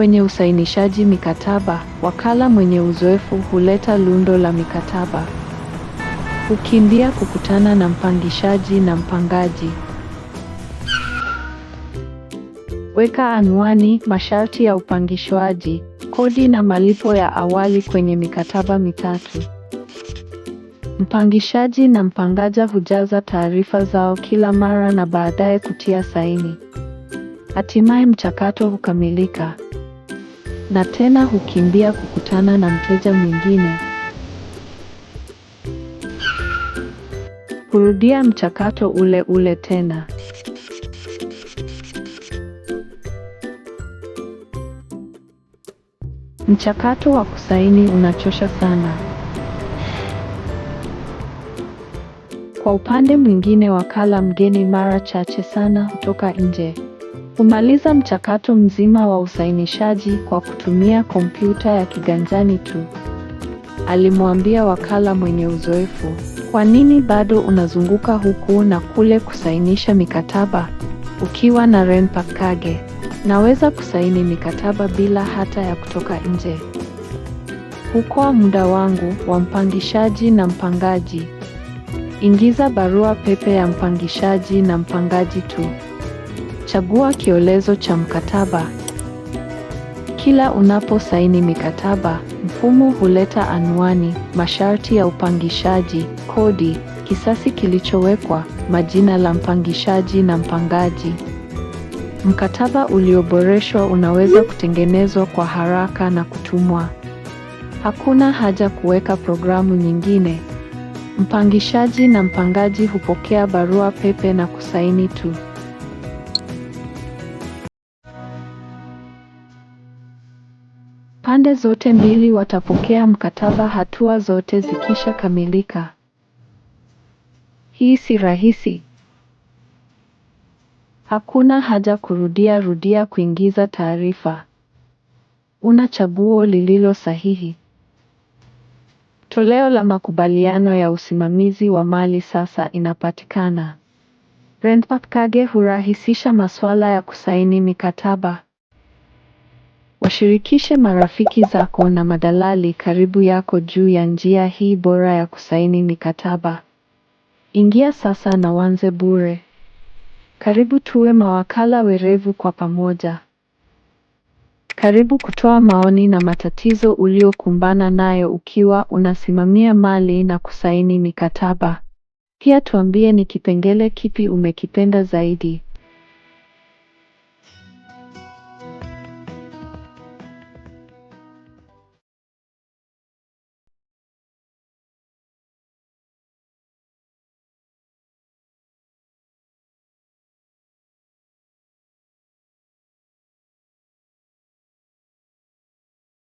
Kwenye usainishaji mikataba, wakala mwenye uzoefu huleta lundo la mikataba. Hukimbia kukutana na mpangishaji na mpangaji. Weka anwani, masharti ya upangishwaji, kodi na malipo ya awali kwenye mikataba mitatu. Mpangishaji na mpangaja hujaza taarifa zao kila mara na baadaye kutia saini. Hatimaye mchakato hukamilika na tena hukimbia kukutana na mteja mwingine. Kurudia mchakato ule ule tena. Mchakato wa kusaini unachosha sana. Kwa upande mwingine, wakala mgeni mara chache sana hutoka nje kumaliza mchakato mzima wa usainishaji kwa kutumia kompyuta ya kiganjani tu. Alimwambia wakala mwenye uzoefu, kwa nini bado unazunguka huku na kule kusainisha mikataba? Ukiwa na Renpa Kage, naweza kusaini mikataba bila hata ya kutoka nje. Hukoa muda wangu wa mpangishaji na mpangaji. Ingiza barua pepe ya mpangishaji na mpangaji tu. Chagua kiolezo cha mkataba. Kila unaposaini mikataba, mfumo huleta anwani, masharti ya upangishaji, kodi, kisasi kilichowekwa, majina la mpangishaji na mpangaji. Mkataba ulioboreshwa unaweza kutengenezwa kwa haraka na kutumwa. Hakuna haja kuweka programu nyingine. Mpangishaji na mpangaji hupokea barua pepe na kusaini tu. Pande zote mbili watapokea mkataba hatua zote zikishakamilika. Hii si rahisi. Hakuna haja kurudia rudia kuingiza taarifa. Una chaguo lililo sahihi. Toleo la makubaliano ya usimamizi wa mali sasa inapatikana. Kage hurahisisha masuala ya kusaini mikataba. Washirikishe marafiki zako na madalali karibu yako juu ya njia hii bora ya kusaini mikataba. Ingia sasa na uanze bure. Karibu tuwe mawakala werevu kwa pamoja. Karibu kutoa maoni na matatizo uliokumbana nayo ukiwa unasimamia mali na kusaini mikataba. Pia tuambie ni kipengele kipi umekipenda zaidi.